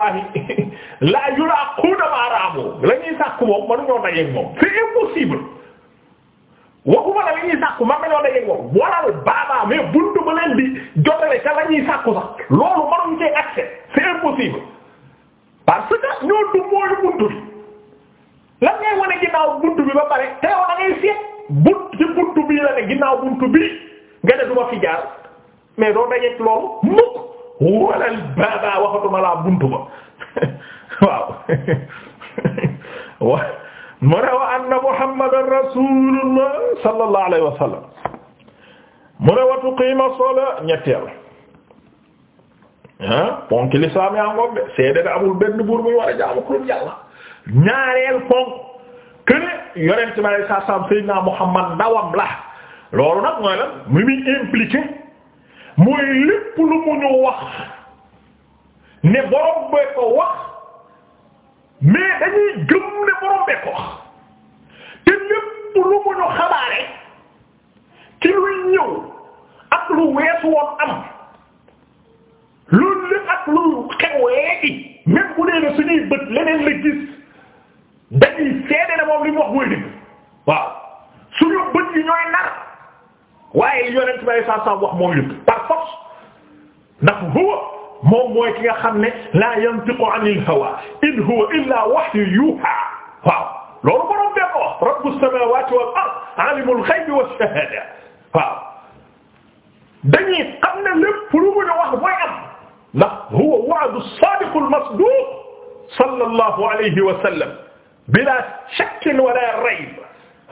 waaye laa yu laa xuudamaa raamoo la ñuy sàkk moom mënuñoo dajeeg moom c'est impossible waxuma la la ñuy sàkk man nañoo dajeeg moom waral baabaa mais buntu ba leen di jotale ca la sàkku sax loolu mënuñ cee accès c'est impossible parce que ñoo du mooyu buntu bi lan ngay wane ginnaaw buntu bi ba pare te yow da ngay seet bunt ci buntu bii la ne ginnaaw buntu bii nga ne duma fi jaar mais doo dajeeg loolu mukk walal baaba waxatuma laa buntu ba waaw mu ne wa anna muhammadan rasulullah sallallahu alayhi wa mu ne wa tuqiima salaa ñetteel ah ponk lislaam yaa ngoog seede da amul benn buur muy jaamu ku dul ñaareel ponk kër yonent bi sallallahu alayhi wa muhammad ndawam la loolu nag mooy lan mu muy impliqué mooy lépp lu mu ñu wax ne borom bee ko wax mais dañuy gëm ne borom bee wax te lépp lu mu ñu xabaare ci luy ñëw ak lu weesu woon am loolu lépp ak lu xew léegi même bu dee ne suñuy bët leneen la gis dañuy seede moom li mu wax mooy dëgg waaw suñu bët yi ñooy nar. waaye li yonent bi saa saa wax moo yëpp par force ndax huwa moom mooy ki nga xam ne la yantiqu anil hawa in huwa illa wahyu yuha waaw loolu borom bee ko rabbus samawati wal ard alimul ghaybi wash shahada waaw dañuy xam ne lépp lu mu wax mooy am ndax huwa wa'du sadiqul masduq sallallahu alayhi wa sallam bila shakkin wala rayb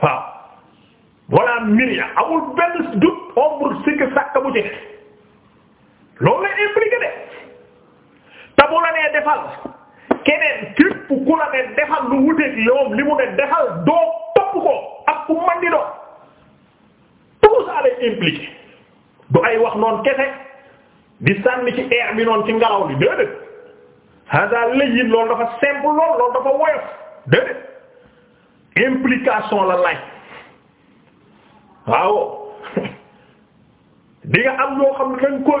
waaw wala miria amul benn dut ombre sikk sàkk bu ci ne loolu la impliqué de te bu defal keneen képp ku la ne defal lu wuteeg moom li mu ne defal doo topp ko ak ku man di doon tout ça lay impliqué du ay wax noonu kese di sànni ci air bi noonu ci ngelaw li déedéet hada lëyin loolu dafa simple loolu dafa woyof déedéet implication la laaj waaw di nga am loo xam ne dañ ko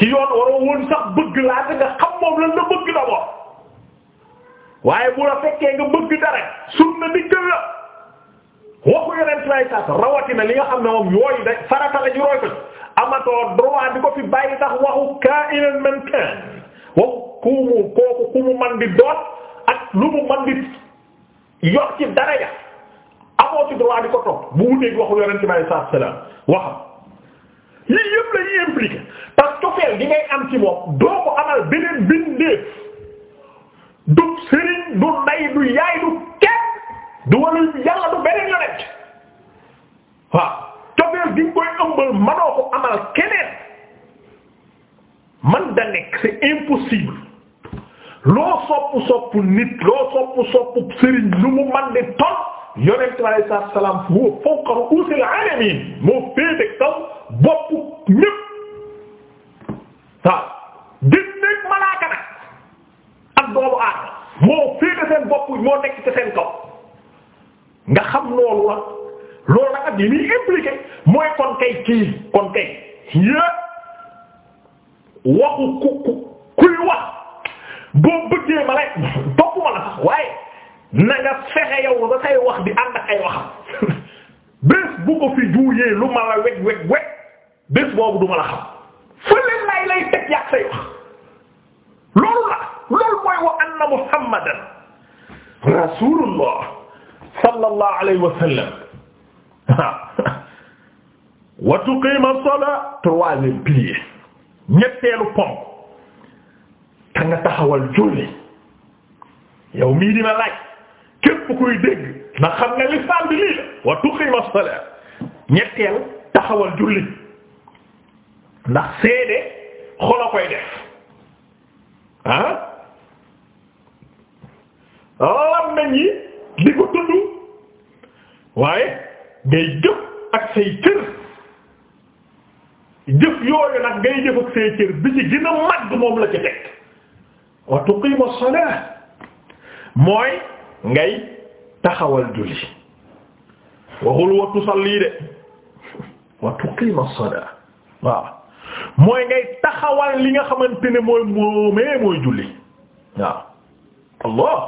ci yoon waroo woon sax bëgg laata nga xam moom lan la bëgg d'abord waaye bu fekkee nga bëgg dara sunna dikkal la waxu yeneen lay sax rawatina li nga xam ne moom yooyu da farata la ñu roy ko amatoo droit di ko fi bàyyi tax waxu ka'inan man kan waxu kumu kooku ku man di doot ak lu man di yor ci dara ya amoo ci droit di ko topp bu wuteeg waxu yonent bi alayhi salaatu salaam waxam yii yëpp la ñuy impliqué que cofeel gi ngay am ci moom doo ko amal beneen bindeef du sëriñ du nday du yaay du kenn du wala yàlla du beneen yonent waaw cofeel gi koy ëmbal manoo ko amal keneen man da nekk c'est impossible loo sopp sopp nit loo sopp sopp sëriñ lu mu man di toll yonent bi alayhi salaatu wa salaam huwa fawqa ru'uusil aalamiin moo féete kaw boppu ñépp waaw gis nekk malaaka nag ak doomu aadama moo seen bopp moo nekk ci seen kaw nga xam loolu la loolu nag ak li muy impliqué mooy kon kay kii kon kay yépp waxu boobu du ma la xam fële lay lay teg yàq say wax loolu la loolu mooy wa anna muhammadan rasulullah sallallahu alayhi wa sallam wa tuqima as-salat troisième pilier ñetteelu ponk ka nga taxawal julli yow mii dina laaj képp kuy dégg na xam ne l'islam bi lii la wa tuqima as-salat ñetteel taxawal julli ndax seede xol a koy def ah lam nañ yi di ko waaye ngay jëf ak say cër jëf yooyu nag ngay jëf ak say cër bi ci gën a màgg moom la ci teg wa tuqimu salah mooy ngay taxawal julli waxul wa tusalli de wa tuqimu salah waaw mooy ngay taxawal li nga xamante ne mooy moomee mooy julli waaw allah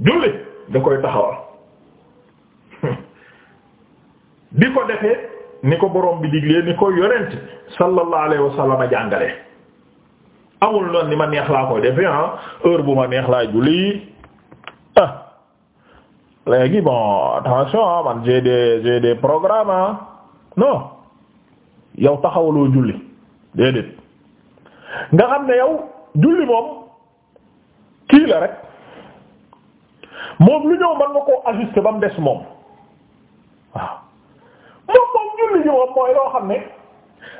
julli da koy taxawal di ko defee ni ko borom bi diglee ni ko yonent sallallahu alayhi wa sallam jàngale amul noonu ni ma neex laa koy defee ah heure bu ma neex laa julli ah léegi bon attention ah, man j'ai des j'ai des programmes ah. non yow taxawaloo julli déedéet nga xam ne yow julli moom kii la rek moom lu ñëw mën nga koo ajuster ba mu des moom waaw moom moom julli ji moom mooy loo xam ne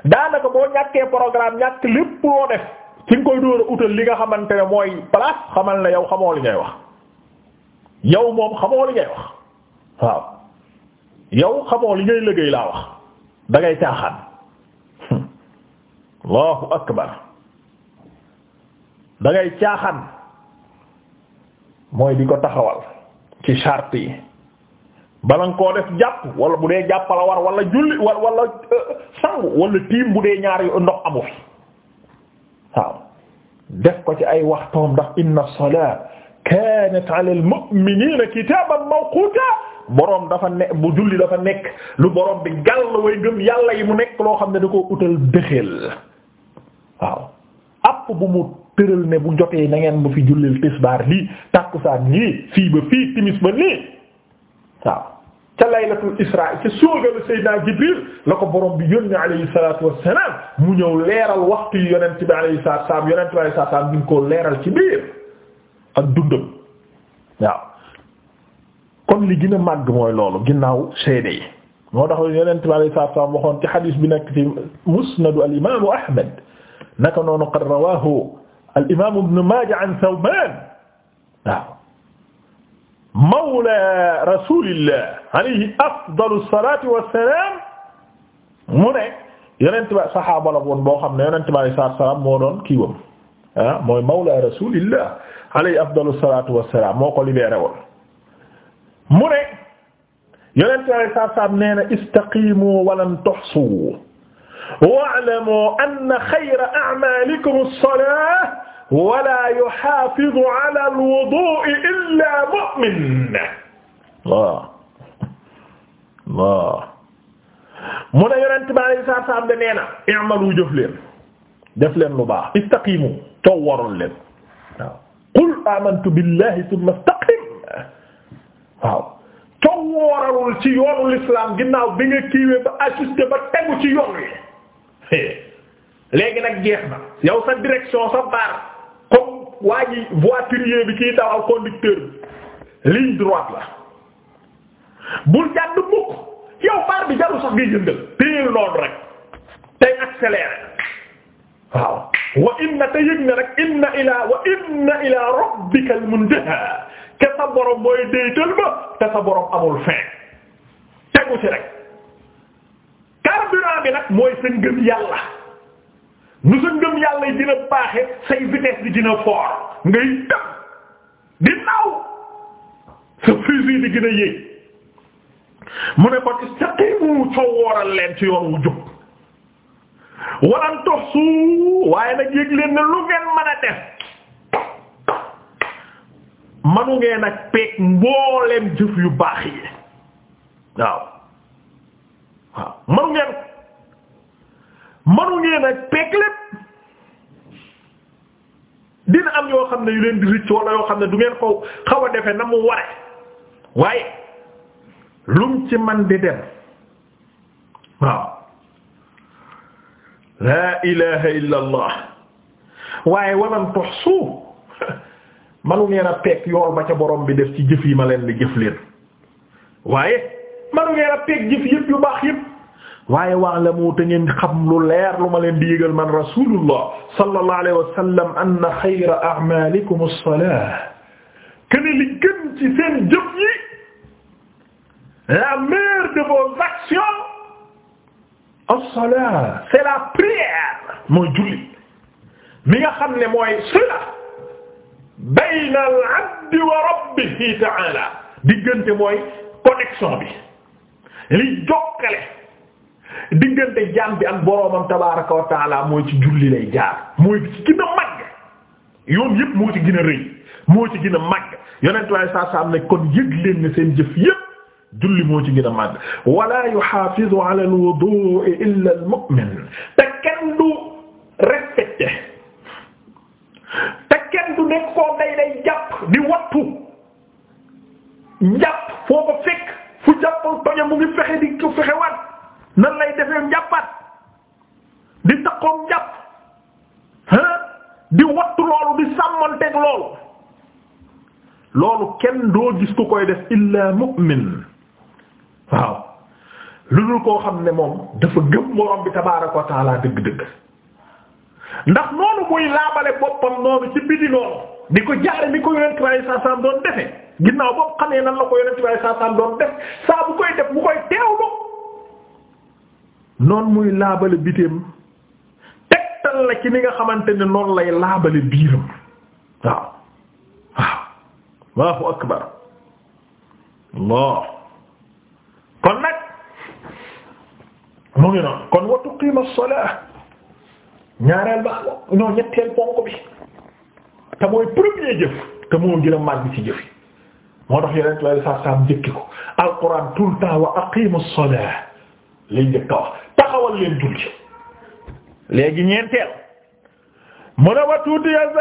daanaka boo ñàkkee programme ñàkk lépp loo def ci nga koy dóor a utal li nga xamante ne mooy place xamal na yow xamoo li ngay wax yow moom xamoo li ngay wax waaw yow xamoo li ngay liggéey laa wax dangay ngay allahu akbar dangay caaxan mooy di ko taxawal ci charte yi bala nga koo def jàpp wala bu dee jàppala war wala julli wala wala euh, sangu wala tiim bu dee ñaari ndox amu fi waaw def ko ci ay waxtoom ndax inna salaa kaanat ala al-mu'miniina kitaaban mawquuta boroom dafa ne bu julli dafa nekk lu boroom bi gàll way gëm yàlla yi mu nekk loo xam ne da koo utal dëxel waaw app bu mu tëral ne bu jotee na ngeen ma fi jullil tisbaar lii tàkkusaan lii fii ba fii timis ba nii waaw ca laylatul isra ca soogalu sayyidina jibril la ko borom bi yónni alayhi salatu wassalam mu ñëw leeral waxtu yu yonent bi alayhi salatu wassalam yonent bi alayhi salatu wassalam ñu ko leeral ci biir ak dundam waaw kon li gën a màgg mooy loolu ginnaaw seede yi moo tax yonent bi alayhi salatu waxoon ci xadiis bi nekk ci musnadu naka noonu qad rawaahu al imaam ibn Maaja an Thawbaan waaw mawla rasulillah alayhi afdalu salaati wa salaam mu ne yonent ba saxaaba la woon boo xam ne yonent bi alayhi salaatu wa salaam moo doon kiiwam ah mooy mawla rasulillah alayhi afdalu salaati wa salaam moo ko libéré woon mu ne yonent bi alayhi salaatu wa salaam nee na istaqiimu wa lan tuhsuu wa'lamu anna xayra a'maalikum as-salaatu wa laa yuhaafizu 'alaa al-wuduu'i illaa mu'min waaw waaw mu ne yonent bi alayhi salaatu wa salaam de nee na i'malu jëf leen def leen lu baax istaqimu coow waroon leen waaw qul amantu billahi thumma istaqim waaw coow waralul ci yoonu l'islam ginnaaw bi nga kiiwee ba ajusté ba tegu ci yoon wi léegi nag jeex na yow sa direction sa barre comme waa ji voiturier bi kiy dawal conducteur bi ligne droite la bul jàdd mukk yow barre bi jaru sax ngay yëngal téyel noonu rek tey accélérer waaw wa te yëg na rek inna ilaa wa inna ilaa rabbika ke sa borom mooy déytal ba te sa borom amul fin tegu ci rek carburant bi nag mooy sa ngëm yàlla nu sa ngëm yàlla yi dina baaxe say vitesse di dina fort ngay dab di naaw sa fusil di gën a yéeg mu ne kon istaqimu coow wooral leen ci yoon wu jub walan tuhsu waaye nag yéeg leen ne lu ngeen mën a def manu ngeen ak peeg mbooleem jëf yu baax yi waaw manu ngeen manu ngeen ak peeg lépp dina am yoo xam ne yu leen di rëcc wala yoo xam ne du ngeen ko xaw a defe na mu ware waaye lum ci man di dem waaw laa ilaha illa allah waaye walan tuhsu manu ngeen ak peeg yool ba ca borom bi def ci jëf yi ma leen di jëf leen waaye manu ngeen a peeg jëf yëpp yu baax yëpp waaye wa'lamu te ngeen xam lu leer lu ma leen di yégal man rasulullah sallallahu alayhi wa sallam anna xayra la mère de vos actions as-salah la prière mooy julli mi nga xam ne mooy sila bayna al-abdi wa rabbihi ta'ala diggante mooy connexion bi li jokkale diggante jaam bi ak boroomam tabaaraka wa taala julli lay jaar mooy ci gën a màgg yoon yëpp moo ci gën a rëy moo ci gën a màgg yonent waaye saa saa am ne kon yëg leen seen jëf yëpp julli moo ci gën a màgg wala yuhaafizu ala al-wudu'i illa al loolu kenn doo gis ku koy def illa mu'min waaw lu dul koo xam ne moom dafa gëm borom bi tabaaraka wa taala dëgg-dëgg ndax noonu muy laabale boppam noonu ci biti noonu di ko jaare ni ko yonent bi sallallahu doon defe ginnaaw boobu xamee nan la ko yonent bi sallallahu alayhi wasallam doon def saa bu koy def bu koy teewlu noonu muy laabale biteem tegtal la ci ni nga xamante ne noonu lay laabale biiram waaw Allahu akbar Allah kon nag mu ngi kon wa tuqiima as-salaah ñaareel ba ñoo ñetteel ponk bi te mooy premier jëf te moo gën a màgg ci jëf yi moo tax yeneen tubaab yi sax ko alquran tout le temps wa aqiimu as-salaah lay njëkk a wax taxawal leen julli léegi ñeenteel mu ne wa tuuti az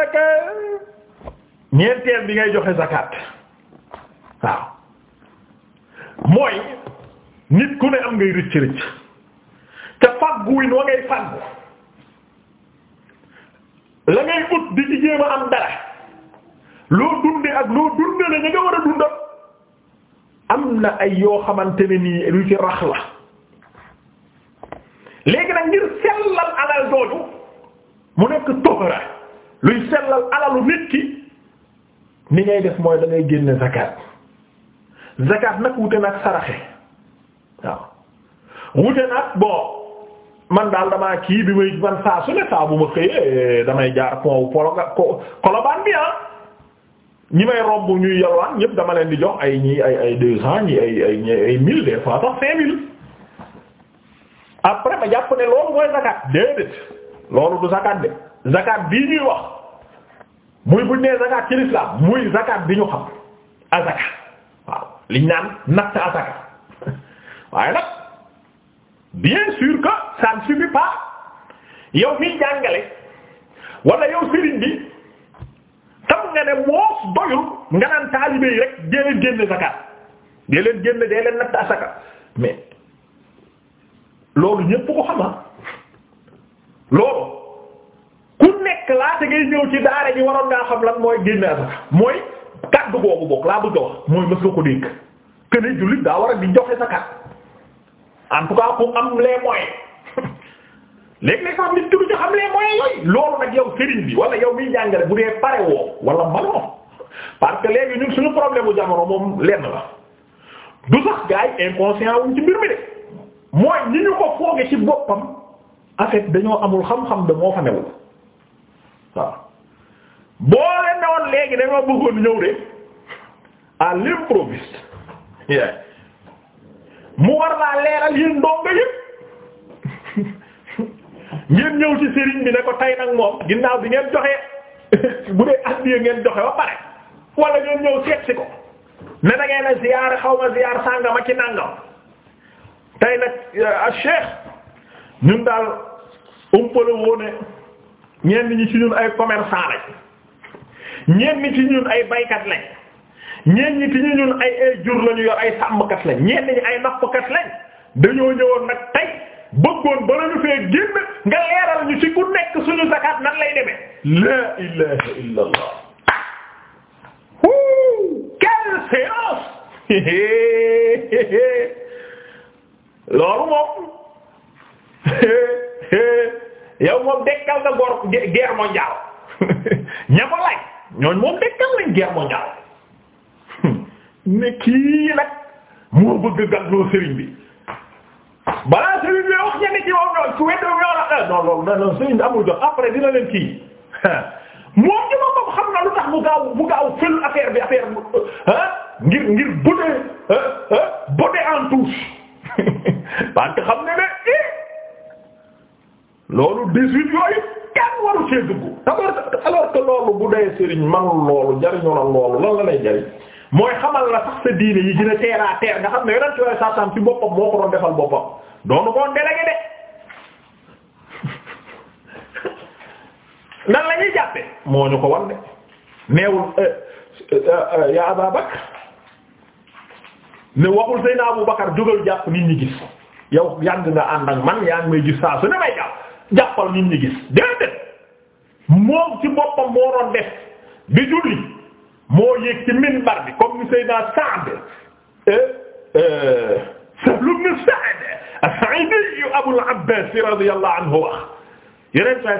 ñeenteel bi ngay joxe zakat waaw mooy nit ku ne am ngay rëcc rëcc te fagguwin wa ngay faggu la ngay ut di ci jéem a am dara loo dunde ak loo dundale ña nga war a dundal am na ay yoo xamante ne nii lu ci rax léegi nag ngir sellal alal jooju mu nekk toxara luy sellal alalu nit ki ni ngay def mooy da ngay génne zakat zakat nag wute nag saraxe waaw wute nag bon man daal damaa kii bi may man saa su ma xëyee eh, damay jaar pont ko kolobaan bi ah ñi may romb ñuy yalwaan ñëpp dama leen di jox ay ñii ay ay deux cents ñi ay après ma jàpp ne loolu mooy zakat déedéet loolu du zakat de zakat bii ñuy wax. muy buñ nee zakat ci lislaam muy zakat bi ñu xam azaka waaw liñ naan natt azaka waaye nag bien sûr que ça ne suffit pas yow miy jàngale wala yow bi tam nga ne moos doyul nga naan taalibe rek dee leen génne zakat dee leen génne dee leen natt azaka mais loolu ñépp ko xama ah loolu nekk laata ngay ñëw ci daara ji waroon ngaa xam la mooy génne asaka mooy kaddu googu boog laa bëgg a wax mooy mës nga ko dégg que ne jullit daa war a di joxe zakat en tout cas ku am les moyens léeg-léeg sax nit ki du ñu xam les moyens loolu nag yow sëriñ bi wala yow miy jàngale bu dee pare woo wala mënoo parce que léegi ñun suñu problème bu jamono moom lenn la du sax gars yi inconscient wuñ ci mbir mi de mooy ñi ñu ko fooge ci boppam en fait dañoo amul xam-xam de moo fa waaw boo leen ne woon léegi dama bëggoon ñëw de à l'improviste mu a laa leeral yéen ndongo yëpp ngeen ñëw ci sëriñ bi ne ko tay nag moom ginnaaw bi ngeen joxe bu dee addiya ngeen joxe ba pare wala ngeen ñëw seet ko ne da ngeen a ziyaar xaw ma ziyaar sàngama ma nàngam tay nag euh, a ah, cheikh ñun daal umpale woone ñenn ñi ci ñun ay commerçant lañ ñenn ñi ci ñun ay baykat lañ ñenn ñi ci ñun ay ay jur lañu yor ay sàmmkat lañ ñenn ñi ay nappkat lañ dañoo ñëwoon nag tey bëggoon ba la fee génn nga leeral ñu ci ku nekk suñu zakat nan lay demee. la ilaha illa loolu moom. yow moom dekkal nga gor guerre mondiale ña ko laaj ñooñ moom dekkal nañ guerre mondiale ne kii nag moo bëgg gàlloo sëriñ bi balaa sëriñ bi wax ñenn ci moom ñoom su weddoo ñoo la eh, non loolu non non sëriñ bi amul jox après dina leen kii moom ci moom xam na lu tax mu gaaw mu gaaw fël affaire bi affaire bi eh, eh, ngir ngir botter botter en touche parce que xam ne loolu dix-huit yooyu kenn waru cee dugg alors que loolu bu dee sëriñ manul loolu jariñu la loolu lan la lay jariñ mooy xamal la sax sa diine yi gën a teer a teer nga xam ne yooyu saasaam ci defal boppam doonu koon délégué de nan jàppe moo ñu ko wan de neewul euh, euh, euh, ya Aba Bakr ne waxul Seydina Abu Bakar jógal jàpp nit ñi gis yow yàgg nga ànd ak man yaa may gis saa su ne may jàpp jàppal nit ñi gis déedéet moom ci boppam moo doon def di julli moo yéeg ci minbar bi comme ni Seydina Sa'd eh, eh, Sahl ibn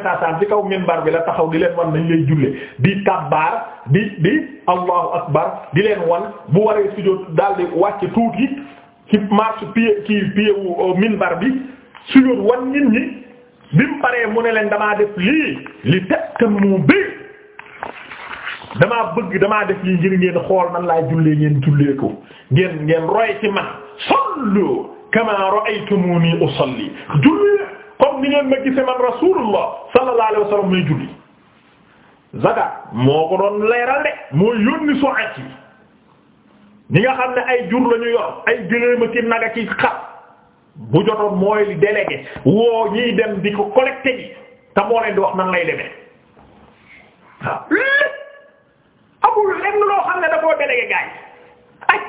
Sa'd minbar bi la taxaw di leen wan nañ lay julle di tabbaar di di allahu akbar di leen wan bu waree sujjóot daal di wàcc tuuti ci marche pied ci pied oh, minbar bi sujjóot wan nit ñi bi mu paree mu ne leen damaa def lii li tatammu bi damaa bëgg damaa def lii ngir ngeen xool nan laa jullee ngeen jullee ko ngeen ngeen roy ci man sallu kama ra'aytumuni usalli julli comme ni ngeen ma gisee man rasulullah sallallahu alayhi wasallam may julli zakat moo ko doon leeral de moo yónni soo at yi ñi nga xam ne ay jur lañu yor ay gëléem ak nag ak xar bu jotoon mooy li délégué woo ñiy dem di ko collecté ji te moo leen di wax nan lay demee waaw lépp amul lenn loo xam ne da koo délégué gars yi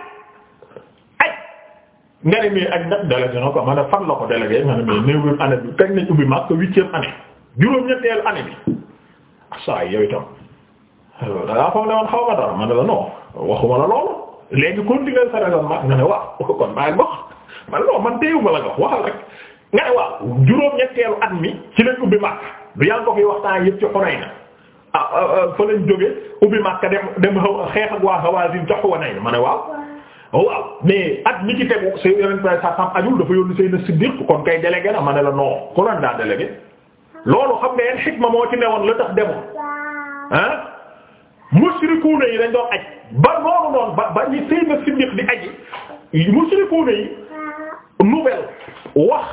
nga ne mais aj nag délégué na ko ma ne fan la ko délégué nga ne mais neuvième bi kañ nañ ubbi Makka huitième année juróom-ñetteelu année bi ah, saa yow itam da ngaa foog ne woon xaw ma dara ma la non waxuma la loolu léegi continuer sa raisonnement nga ne waaw kon maa ngi man loolu man téyuma la nga waxal rek nga ne waaw juróom-ñetteelu at mi ci lañ ubbi Makka du yàlla ko fi waxtaan yëpp ci Xunayna ah, ah, ah fa lañ jóge ubbi Makka dem dem xeex ak waa Hawaazin ca Xunayna ma ne waaw. Oh, waaw mais at mi ci tegu say yeneen sa sam ajul dafa yónni Seydina Siddiq kon kay délégué na ma ne la non ku doon daa délégué loolu xam nga yenn xikma moo ci newoon la tax demoon ah mushrikuuna yi dañ doon aj ba loolu noonu ba ba ñi Seydina Siddiq di nouvelle wax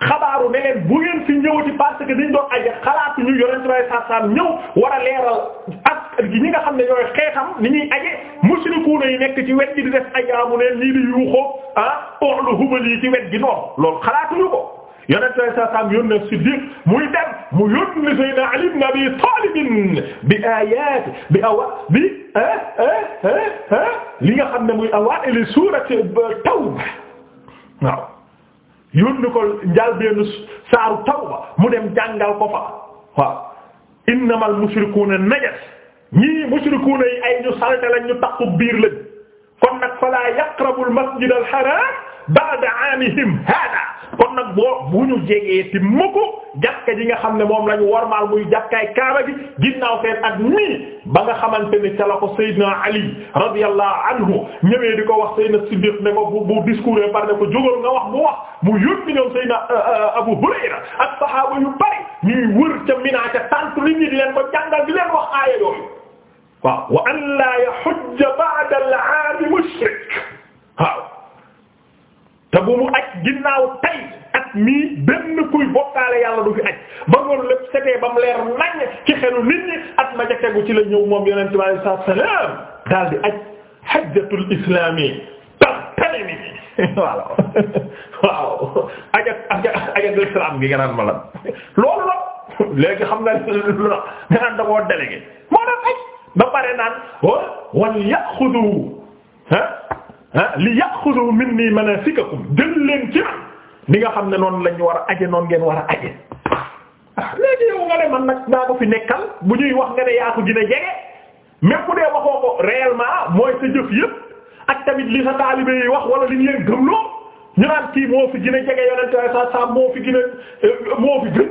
xabaaru ne leen bu ngeen fi ñëwati parce que dañ doon aje xalaatu ñu yonent bi saa saa ñëw war a leeral ak ñi nga xam ne ñooy xeexam ni ñuy aje mushrikuuna yi nekk ci wet gi di def ajaamu ne ñii di yuuxoo ah oxlu hubal yi ci wet gi noonu loolu xalaatuñu ko. yonent bi saa muy dem mu yónni Seydina Ali ibn Abi bi ayat bi awa bi ah, ah ah ah li nga xam ne muy awaa'il suurat Tawba waaw yónni ko njàlbeenu saaru tawba mu dem jàngal ko fa waaw innamal mushrikuuna najas ñii mushrikuuna yi ay ñu salte lañ ñu takku biir lañ kon nag falaa yaqrabul masjidal haraam ba'da aamihim haadaa kon nag boo bu ñu jegee ti mukk jàkka ji nga xam ne moom lañu warmaal muy jàkkaay kaaba gi ginnaaw seen at mii ba nga xamante ni ca la ko Seydina Ali radiyallahu anhu ñëwee di ko wax Seydina Siddiq ne ko bu bu discours par nga wax mu wax mu yónni ñoom Seydina euh, euh, Abu Hurayra ak sahaaba yu bari ñuy wër ca Mina ca tànt li ñi di leen ko jàngal di leen wax aaya yooyu waaw wa an la yahujja ba'da al-'aam mushrik waaw te bu mu aj ginnaaw tay ak mii benn kuy bokkaale yàlla du fi aj ba loolu lépp setee leer nañ ci xelu nit ñi at ma jakkegu ci la ñëw moom yonente bi alayhi salaatu salaam daal di aj hajjatul islami tartani ni voilà waaw ajak ajak ajak l'islam gi nga naan xam nga lu la nga naan da moo daan aj ba pare naan oh, wal yaxudu ha ah li nii minni manasikakum jël leen ci ni nga xam ne noonu lañ war a aje noonu ngeen war a aje ah, léegi yow nga ne man nag naa ko fi nekkal bu ñuy wax nga ne yaa ko dina jege mais ku dee waxoo ko réellement mooy sa jëf yëpp ak tamit li sa taalibe yi wax wala li ñu leen gëmloo ñu naan kii moo fi gën a jege yonent sa sa moo fi gën a euh, moo fi gën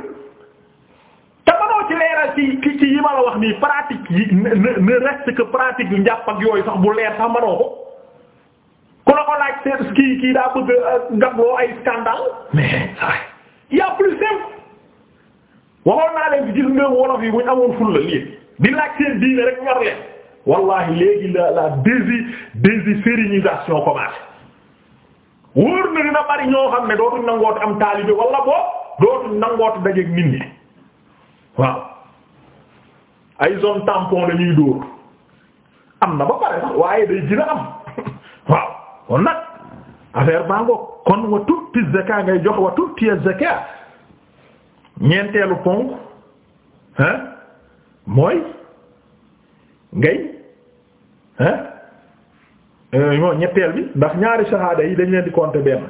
te mënoo ci leeral ci ci yi ma la wax nii pratique yi ne reste que pratique yu njàpp ak yooyu sax bu leer sax ku la ko laaj seen kii kii daa bëgg euh, gabloo ay scandale mais ah. y a plus simple waxoon naa leen gis nga wolof yi bu ñu amoon ful la lii di laaj seen diine rek ñor leen wallahi léegi la la dési déshérinisation commencé wóor na dina bari ñoo xam ne dootuñ nangoot am taalibe wala boo dootuñ nangoot dajeeg nit ñi waaw ay zone tampon la ñuy dóor am na ba pare sax waaye day gën am. kon nag affaire baa kon wa tuuti zakaa ngay jox wa tuuti zakaa ñeenteelu ponk ah mooy ngay ah euh, moo ñetteel bi ndax ñaari sahaada yi dañ leen di compter benn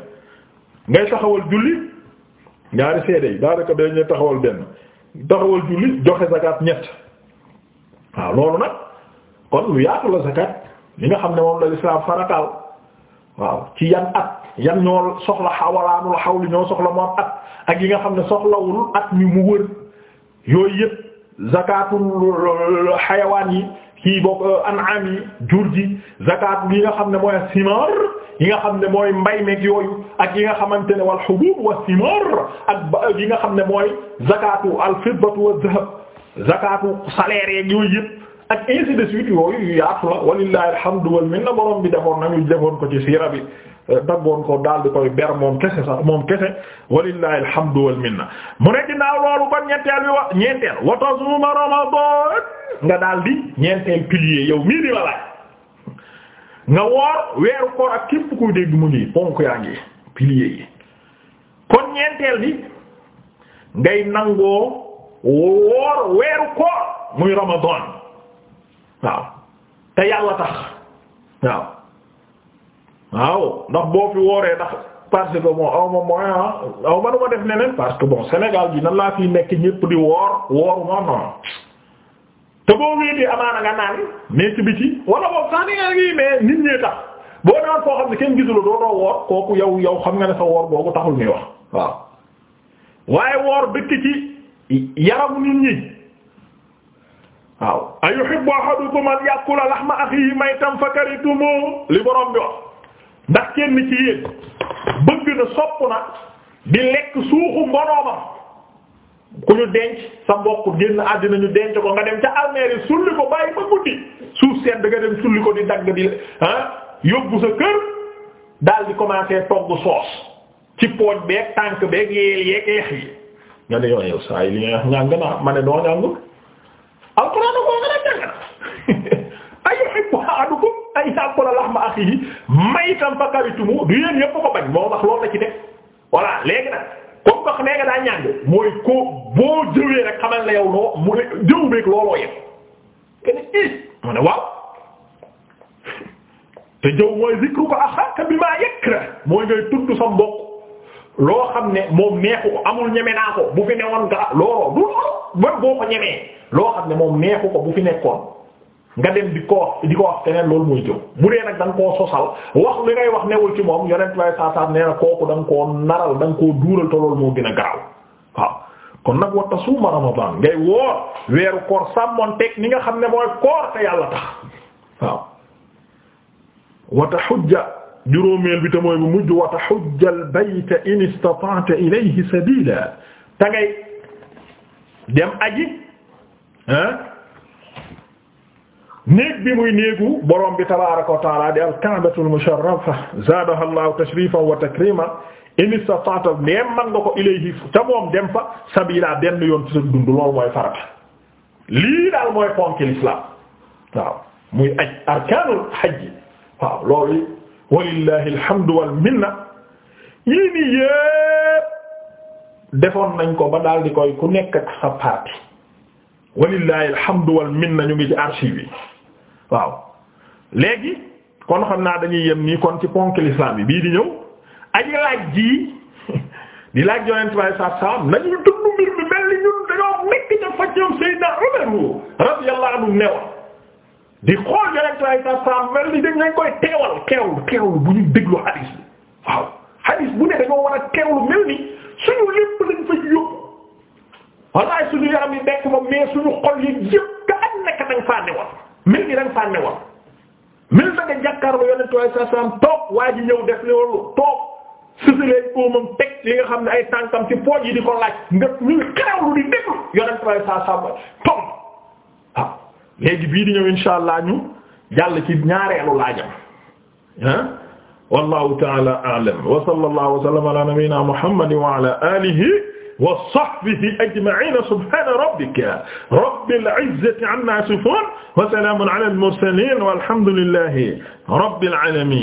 ngay taxawal julli ñaari seede yi daanaka dañ leen taxawal benn taxawal julli joxe zakat ñett waaw loolu nag kon lu yaatu la zakat li nga xam ne moom la lislaam farataal waaw ci yan at yan ñoo soxla xawalaanul xawli ñoo soxla moom at ak yi nga xam ne soxlawul at mi mu wër yooyu yëpp zakatul xayawaan yi kii bokk euh, an'am yi jur ji zakat yi nga xam ne mooy simar yi nga xam ne mooy mbay meeg yooyu ak yi nga xamante ne wal hubub wa simar ak ba yi nga xam ne mooy zakatu al fiddatu wa dhahab zakatu salaire yeeg ak ainsi de suite yooyu yu yaatu la walillahi alhamdu wal minna borom bi defoon nañu defoon ko ci siira bi euh, daggoon ko daal koy ber moom kese sax moom kese walillahi alhamdu wal minna mu ne ginnaaw loolu ba ñetteel bi wa ñeenteel wa tasuma nga daal ñeenteel pilier yow mii di walaay nga woor weeru koor ak képp kuy dégg mu ngi ponk yaa ngi pilier yi kon ñeenteel bi ngay nangoo woor weeru koor muy ramadan waaw te yàlla tax waaw waaw ndax boo fi wooree ndax parce que bon aw ma moyen ah aw ma nu def neneen parce que bon Sénégal bi na laa fi nekk ñépp di woor wooru ma non te boo wéetee amaana nga naan mais ci biti boobu sax ni nga ngi mais nit ñee tax boo naan koo xam ne kenn gisuloo doo woor kooku yow yow xam nga ne sa woor boobu taxul ñuy wax waaw waaye woor dëkk ci yaramu nit ñi waaw ayuhibbu ahadukum an ya'kula lahma akhihi maytan fakaritumu li borom bi wax ndax kenn ci yéen bëgg na sopp na di lekk suuxu moroomam ku ñu denc sa mbokk génn àddina ñu denc ko nga dem ca almeeri sulli ko bàyyi ba guddi suuf seen da nga dem sulli ko di dagg di ah yóbbu sa kër daal di commencer togg soos ci pooj beeg tànk beeg yeel yeeg yeex yi nga ne yow saa yi li nga wax ñàng naa ma ne doo ñàng alquran da koo gën a jàng ay yuhibbu ahadukum an ya'kula lahma akhihi maytan fakaritumu du yéen yëpp ko bañ moo tax loolu ci def voilà léegi nag comme wax nee nga daa ñàng mooy ko boo jëwee rek xamal la yow loo mu ne jëw beeg looloo ne waaw te jëw zikru ko axaka bima yakra mooy ngay tudd sa loo xam ne moom neexu ko amul ñeme naa ko bu fi newoon garab looloo du loolu boo ko ñemee loo xam ne moom neexu ko bu fi nekkoon nga dem di ko di ko wax keneen loolu mooy jëw bu dee nag da nga koo sosal wax li ngay wax newul ci moom yonent lay saa kooku da nga koo naral da koo duural te moo gën a garaaw waaw kon nag watta suuma ramadan ngay woor weeru koor sàmmoon teg ni nga xam ne mooy koor te yàlla tax waaw wata xujja juróomeel bi te mooy bu mujj wa tahujjal bayta in istata'ta ilayhi sabila ta muy néegu borom bi tabaaraka wa ta'aala al-ka'batul musharrafa zaadaha Allahu tashrifan sabila benn yoon ci sa dund loolu mooy farata lii daal mooy ponk l'islam muy aj arkaanul hajj walillahi alhamdu wal minna yii nii yépp defoon nañ ko ba daal koy ku nekk ak sa parti walillahi alhamdu wal minna ñu ngi ci archive yi waaw léegi kon xam naa dañuy yem nii kon ci ponk l'islam bi bii di ñëw aji laaj jii di laaj yonent bi alayhi salaatu salaam nañu tudd mbir mi mel ni ñun dañoo nekk ca fa ñoom Seydina Umar radiyallahu anhu newoon di xool yonent ay sa saam mel ni dañ nañ koy teewal teewlu teewlu bu ñu déglu hadis bi waaw hadis bu ne dañoo war a teewlu mel ni suñu nekk ma mais suñu xol yi yëpp ka ak nekk dañ faa newal mel ni dañ faa newal mel na nga jàkkaarloo yonent ay sa saam toog waa ji ñëw def loolu toog sësaleen óomam teg li nga xam ne ay tànkam ci pooj yi di ko laaj nga ñuy xerawlu di déglu yonent ay sa saam toog léegi bii di ñëw insha allah ñu jàll ci ñaareelu laajam ah wallahu ta'ala a'lam wa sallallahu wa sallama ala nabiyyina muhammadin wa ala alihi wa sahbihi ajma'in subhana rabbika rabbil izzati amma yasifun wa salamun ala al mursalin walhamdulillahi rabbil alamin